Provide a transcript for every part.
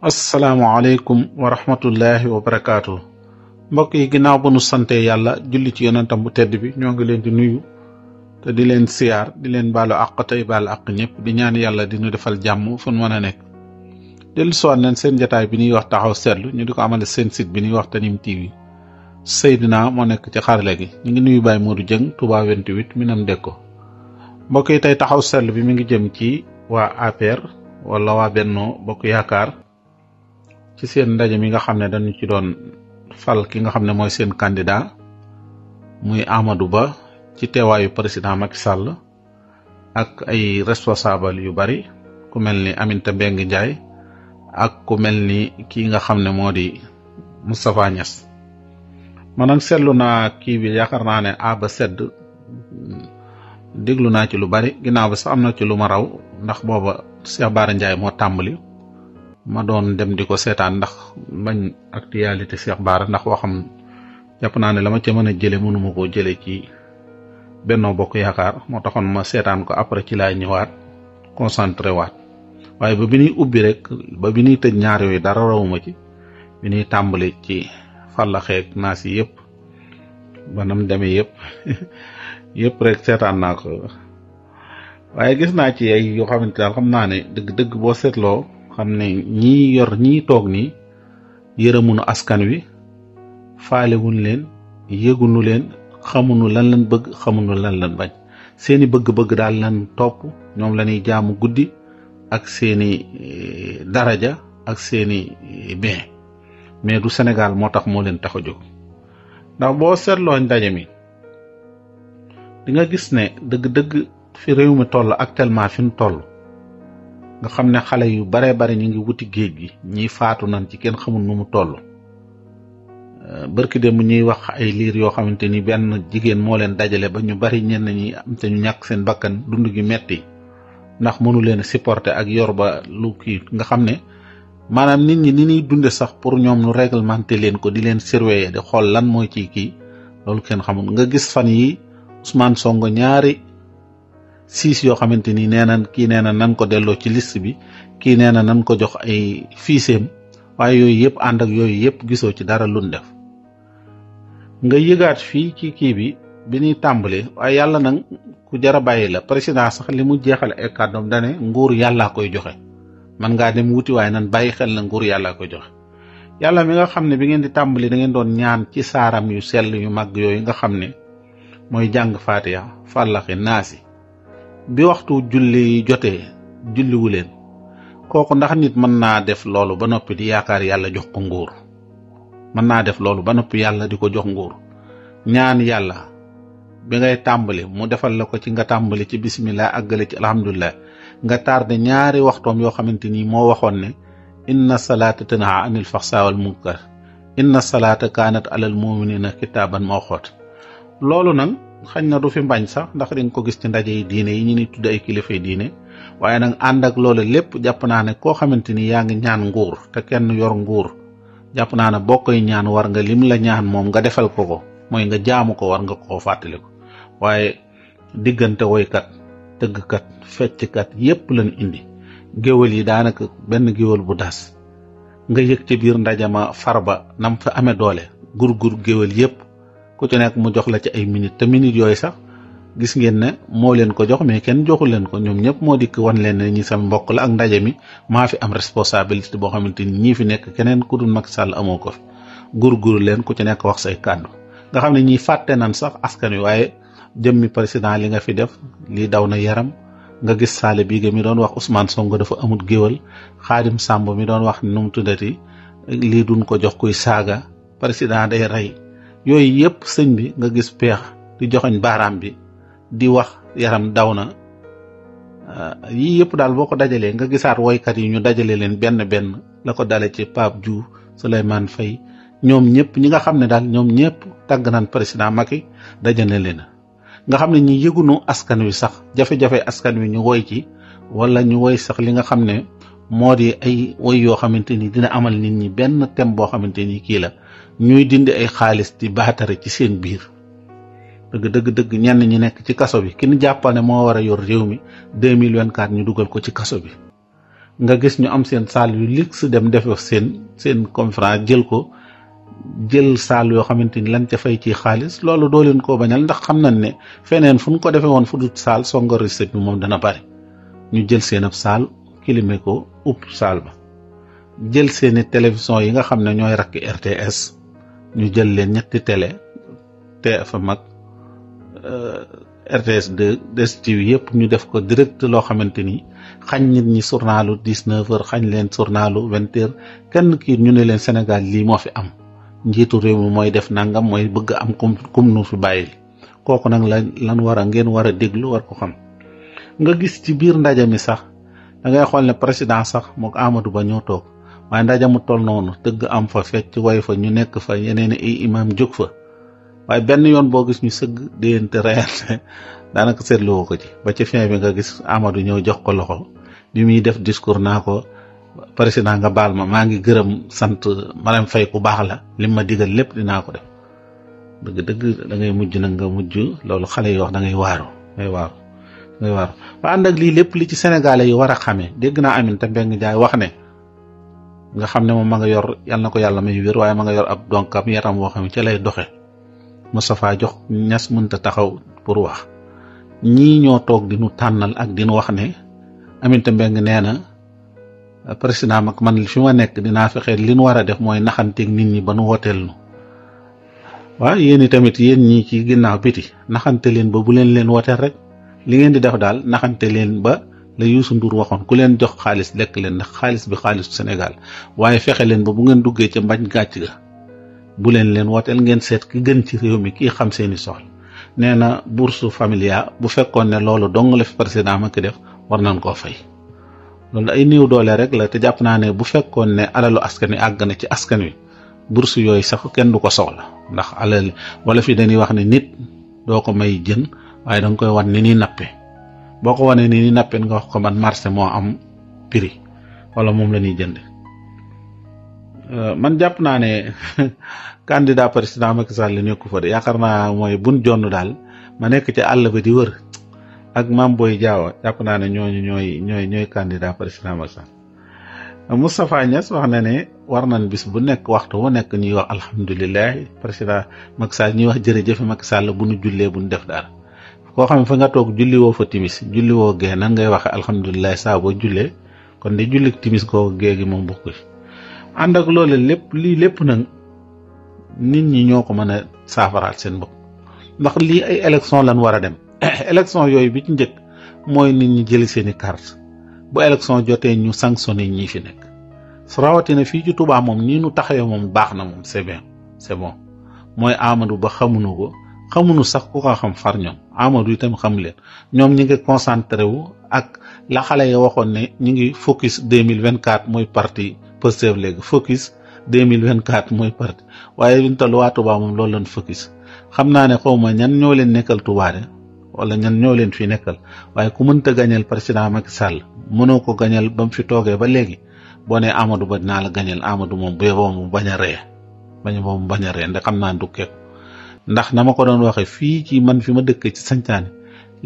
asalaamualeykum wa rahmatullahi wa barakaatu mbokk yi ginnaaw ba nu santee yàlla julli ci yonentam bu tedd bi ñoo ngi leen di nuyu te di leen siyaar di leen baalu àq tey baalu àq ñëpp di ñaan yàlla di nu defal jàmm fu nu mën a nekk dellu siwaat nañ seen jataay bi ñuy wax taxaw seetlu ñu di ko amale seen sit bi ñuy wax Tanime TV naa moo nekk ci xarale gi ñu ngi nuyu Baye Modou Dieng Touba 28 Minam Dekko mbokk yi tey taxaw seetlu bi mi ngi jëm ci waa APR wala waa Benno Yaakaar ci seen ndaje mi nga xam ne dañu ci doon fal ki nga xam ne mooy seen candidat muy Amadou Ba ci teewaayu président Macky sàll ak ay responsable yu bari ku mel ni Aminata Mbengue njaay ak ku mel ni kii nga xam ne moo di Moustapha Niass man nag seetlu naa kii bi yaakaar naa ne a sedd déglu naa ci lu bari ginnaaw bi sax am na ci lu ma raw ndax booba Cheikh Bara Ndiaye moo tàmbali ma doon dem di ko seetaan ndax bañ actualité Cheikh Bara ndax waxam jàpp naa ne la ma ca mën a jëlee mënuma koo jëlee ci Benno Bokk Yaakaar moo taxoon ma seetaan ko après ci laa ñëwaat concentré waat waaye ba bi ñuy ubbi rek ba bi ñuy tëj ñaar yooyu dara rawuma ci bi ñuy tàmbali ci fàllaxeeg naas yi yëpp ba nam demee yëpp yëpp rek seetaan naa ko waaye gis naa ci ay yoo xamante daal xam naa ne dëgg-dëgg boo seetloo. xam ne ñii yor ñii toog nii yërëmunu askan wi faalewuñ leen yëgunu leen xamunu lan lan bëgg xamunu lan lan bañ seeni bëgg-bëgg daal lan topp ñoom la ñuy jaamu guddi ak seeni eh, daraja ak seeni eh, bin mais du Sénégal moo tax moo leen tax a jóg ndax boo seetloo ndaje mi dinga gis ne dëgg-dëgg fi réew mi toll actuellement fi mu toll nga xam ne xale yu baree bari ñu ngi wuti géej gi ñiy faatu nan ci kenn xamul nu mu toll euh, barki mu ñuy wax ay liir yoo xamante ni benn jigéen moo leen dajale ba ñu bari ñenn ñi am te ñu ñàkk seen bakkan dund gi metti ndax mënu leen supporter ak yor ba lu kii nga xam ne maanaam nit ñi ni ñuy dunde sax pour ñoom nu réglementé leen ko di leen surveiller di xool lan mooy ci kii loolu kenn xamul nga gis fan yi Ousmane Sonko ñaari six yoo xamante ni nee na kii nee na nan ko delloo ci list bi kii nee na nan ko jox ay fiiseem waaye yooyu yëpp ànd ak yooyu yëpp gisoo ci dara luñ def nga yëgaat fii ci kii bi bi ñuy tàmbalee waaye yàlla nag ku jar a bàyyi la président sax li mu jeexale ay kàddoom dane nguur yàllaa koy joxe man ngaa dem wuti waaye nan bàyyi xel na nguur yàllaa koy joxe yàlla mi nga xam ne bi ngeen di tàmbali da ngeen doon ñaan ci saaram yu sell yu mag yooyu nga xam ne mooy jàng fatiha fàllaxi naasi bi waxtu julli yi jotee julliwu leen kooku ndax nit mën naa def loolu ba noppi di yaakaar yàlla jox ko nguur mën naa def loolu ba noppi yàlla di ko jox nguur ñaan yàlla bi ngay tàmbali mu defal la ko ci nga tàmbali ci bisimilah àggale ci alhamdulilah nga tardé ñaari waxtoom yoo xamante ni moo waxoon ne inna salaata tanha anil faxsaa wal munkar inna salaata kaanat alal na kitaaban mawxoot loolu nag xañ na du fi mbañ sax ndax dañ ko gis ci ndaje yi diine yi ñu ni tudd ay kilifa yi diine waaye nag ànd ak loole lépp jàpp naa ne koo xamante ni yaa ngi ñaan nguur te kenn yor nguur jàpp naa ne boo koy ñaan war nga lim la ñaan moom nga defal ko ko mooy nga jaamu ko war nga koo fàttali ko waaye diggante woykat tëggkat fecckat yépp lañ indi géwél yi daanaka benn géwél bu das nga yëg ci biir ndaje ma far ba nam fa amee doole gur gur géwél yépp ku ci mu jox la ci ay minutes te minutes yooy sax gis ngeen ne moo leen ko jox mais kenn joxu leen ko ñoom ñëpp moo dikk won leen ne ñi sama mbokk la ak ndaje mi maa fi am responsabilité boo xamante ni ñii fi nekk keneen ku dul Macky Sall amoo ko fi gurguru leen ku ci nekk wax say kàddu nga xam ne ñii fàtte nan sax askan wi waaye jëm mi président li nga fi def lii daw na yaram nga gis saale bi mi doon wax Ousmane Sonko dafa amut géwal Xaadim Samb mi doon wax nu mu tuddati lii ko jox kuy saaga président yooyu yëpp sëñ bi nga gis peex di joxoñ baaraam bi di wax yaram daw na ah, yii yëpp daal boo ko dajalee nga gisaat woykat yi ñu dajale leen benn benn la ko dale ci Pape Diouf Souleymane Faye ñoom ñëpp ñi nga xam ne daal ñoom ñëpp tàgg naan président Macky dajale leen nga xam ne ñi yëgunu askan wi sax jafe-jafe askan wi ñu woy ci wala ñu woy sax li nga xam ne moo di ay woy yoo xamante ni dina amal nit ñi benn thème boo xamante nii kii la ñuy dindi ay xaalis di baatare ci seen biir dëgg dëgg dëgg ñenn ñi nekk ci kaso bi ki ñu jàppal ne moo war a yor réew mi 2024 ñu dugal ko ci kaso bi nga gis ñu am seen salle yu luxe dem def seen seen conférence jël ko jël salle yoo xamante ni lan ca ci xaalis loolu doo leen koo bañal ndax xam nañ ne feneen fu ñu ko defee woon fu dut salle songorisé bi moom dana bari ñu jël seen ab salle kilimé ko upp salle ba jël seeni télévision yi nga xam ne ñooy rakk RTS ñu jël leen ñetti télé TFM ak euh, RTS 2 DSTV yëpp ñu def ko direct loo xamante ni xañ nit ñi journalu 19 xañ leen journalu 20 kenn kii ñu ne leen Sénégal lii moo fi am njiitu réew mi mooy def nangam mooy bëgg am kum kum nu fi bàyyil kooku nag lan lan war a ngeen war a déglu war ko xam nga gis ci biir ndaje mi sax dangay ngay xool président sax mook amatu Ba ñoo toog. waaye ndaje mu toll noonu tëgg am fa fecc woy fa ñu nekk fa yeneen ay imaam jóg fa waaye benn yoon boo gis ñu sëgg déyante reyante daanaka seetluwoo ko ci ba ci fin bi nga gis amadu ñëw jox ko loxo bi muy def discours naa ko président nga baal ma maa ngi gërëm sant Marème Faye ku baax la lim ma digal lépp dinaa ko def dëgg dëgg dangay mujj nag nga mujj loolu xale yi wax da waaru ba ànd ak lii lépp li ci sénégalais yi war a xame dégg naa Aminata wax ne nga xam ne moom ma nga yor yal na ko yàlla may wér waaye ma nga yor ab donkam yaram woo xam ne ca lay doxe Moustapha jox ñas mënta taxaw pour wax ñii ñoo toog di nu tànnal ak di wax ne Aminata Mbengue nee na président mag man fi ma nekk dinaa fexe li nu war a def mooy naxanteeg nit ñi ba nu wooteel nu waaw yéen i tamit yéen ñii ci ginnaaw biti naxante leen ba bu leen leen wooteel rek li ngeen di def daal naxante leen ba. la Youssou Ndour waxoon ku leen jox xaalis lekk leen ndax xaalis bi xaalisu Sénégal waaye fexe leen ba bu ngeen duggee ca mbañ gàcc ga bu leen leen wooteel ngeen seet ki gën ci réew mi kii xam seeni soxla nee na bourse familiale bu fekkoon ne loolu dong la fi président ma ki def war nañ koo fay loolu ay néew doole rek la te jàpp naa ne bu fekkoon ne alalu askan wi àgg na ci askan wi bourse yooyu sax kenn du ko soxla ndax alal wala fi dañuy wax ne nit doo ko may jën waaye danga koy wan ni ni boo ko wanee nii ni nga wax ko man marché moo am prix wala moom la ñuy jënd euh, man jàpp naa ne candidat président Macky Sall li nekku fa de yaakaar naa mooy bun jonn daal ma nekk ci àll ba di wër ak maam Boy Diaw jàpp naa ne ñooñu ñooy ñooy ñooy candidat président Macky Sall Moustapha wax na ne war nañ bis bu nekk waxtu wu nekk ñuy wax alhamdulilah président Macky Sall ñuy wax jërëjëf Macky Sall bu nu jullee bu nu def daal koo xam ne fi nga toog julli woo fa timis julli woo gee nan ngay waxe alhamdulilah saa boo jullee kon de julli timis koo gee gi moom bokku ci ànd ak loole lépp lii lépp nag nit ñi ñoo ko mën a saafaraat seen bopp ndax lii ay élection lan war a dem élection yooyu bi ci njëkk mooy nit ñi jëli seeni carte bu élection jotee ñu sanctionné ñii fi nekk rawatina fii ci tubaa moom nii nu taxawee moom baax na moom c'est bien mooy Amadou Ba xamuñu ko xamuñu sax xam far Amadou itam xam leen ñoom ñi ngi concentré wu ak la xale ya waxoon ne ñi ngi focus deux mille vingt quatre mooy parti Pastef léegi focus deux mille vingt quatre mooy parti waaye buñ toll waa Touba moom loolu lañ focus xam naa ne xaw ma ñan ñoo leen nekkal Touba de wala ñan ñoo leen fi nekkal waaye ku mënta gañal président Macky Sall mënoo ko gañal ba mu fi toogee ba léegi boo nee Amadou ba dinaa la gañal Amadou moom bu mu bañ a ree bañ boo mu bañ a ree ndax xam naa du keeku ndax na ma ko doon waxee fii ci man fi ma dëkk ci santaane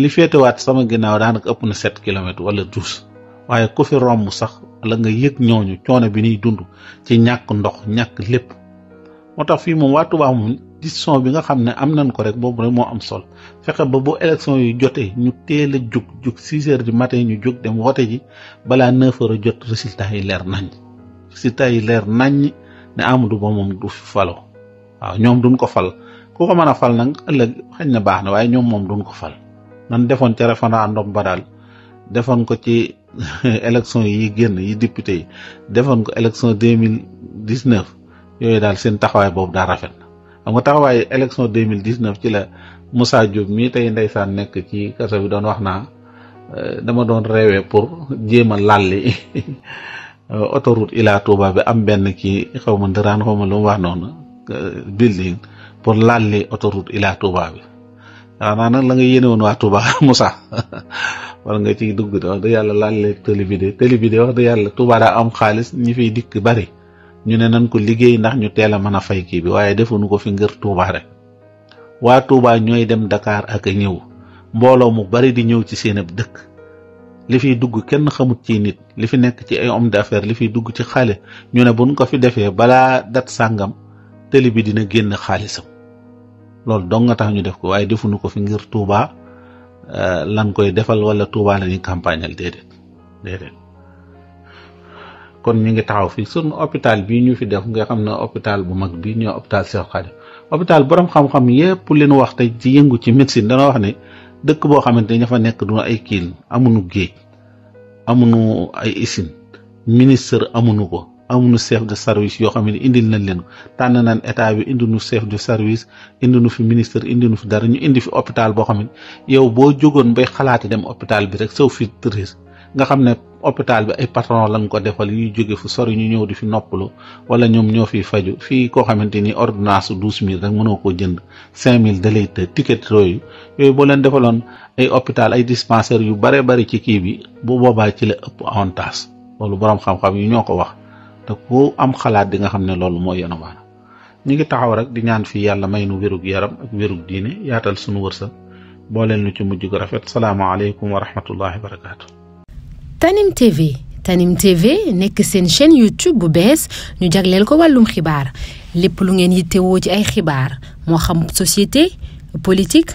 li féetewaat sama ginnaaw daanaka ëpp na sept kilomètres wala douze waaye ku fi romb sax la nga yëg ñooñu coono bi ñuy dund ci ñàkk ndox ñàkk lépp moo tax fii moom waa Tuubaa moom décision bi nga xam ne am nañ ko rek boobu rek moo am sol fexe ba bu élection yu jotee ñu teel a jóg jug six heures du matin ñu jóg dem wote ji balaa neuf jot résultat yi leer nañ résultat yi leer nañ ne Amadou Ba du fi faloo ñoom duñ ko fal ku ko mën a fal nag ëllëg xëy na baax na waaye ñoom moom duñ ko fal nan defoon ca référendum ba daal defoon ko ci élection yi génn yi député yi defoon ko élection deux mille dix neuf yooyu daal seen taxawaay boobu daal rafet na xam nga taxawaay élection deux mille dix neuf ci la Moussa mii tey ndeysaan nekk ci kaso bi doon wax naa euh, dama doon reewee pour jéem a lalli autoroute Ila Touba bi am benn kii xaw ma ndëraan xaw ma lu mu wax noonu euh, building pour laal autoroute ila Touba bi xanaa nag la nga yéene woon waa Touba Moussa war nga ciy dugg de wax dëgg yàlla laal leen télé wax dëgg yàlla Touba daa am xaalis ñi fiy dikk bari ñu ne nañ ko liggéey ndax ñu teel a mën a fay kii bi waaye defuñu ko fi ngir Touba rek waa tuubaa ñooy dem Dakar ak a ñëw mbooloo mu bari di ñëw ci seen dëkk. li fiy dugg kenn xamut ci nit li fi nekk ci ay homme d'affaires li fiy dugg ci xale ñu ne buñ ko fi defee balaa dat sàngam tëli bi dina génn xaalisam loolu dong nga tax ñu def ko waaye defuñu ko fi ngir Touba euh, lan koy defal wala Touba la ñuy campagnal déedéet kon ñu ngi taxaw fii sunu hôpital bii ñu fi def nga xam na hopital bu mag bi ñoo hôpital Cheikh Khadim hôpital borom xam-xam yépp li wax tey ci yëngu ci médecine dana wax ne dëkk boo xamante ne ña fa nekk du ay kiil amunu géej amuñu ay usine ministre amuñu ko. amuñu chef de service yoo xam ne indil nañ leen tànn nañ état bi indi nu chef de service indi nu fi ministre indinu fi dara ñu indi fi hôpital boo xam ne yow boo jógoon bay xalaati dem hôpital bi rek saw fi tëris nga xam ne hôpital bi ay patron lañ ko defal yuy jóge fu sori ñu ñëw di fi noppalu wala ñoom ñoo fiy faju fii koo xamante ni ordonnance douze mille rek mënoo koo jënd cinq mille da lay të ticket yooyu yooyu boo leen defaloon ay hôpital ay dispensaire yu bare bari ci kii bi bu boobaa ci la ëpp avantage loolu boroom xam yi ñoo ko wax te ku am xalaat di nga xam ne loolu mooy yoonu maanaam ñu ngi taxaw rek di ñaan fii yàlla may nu wérug yaram ak wérug diine yaatal sunu wërsëg booleel nu ci mujj ko rafet salaamaaleykum wa rahmatullahi wa barakaatu. Tanim TV Tanim TV nekk seen chaîne YouTube bu bees ñu jagleel ko wàllum xibaar lépp lu ngeen yittewoo ci ay xibaar moo xam société politique.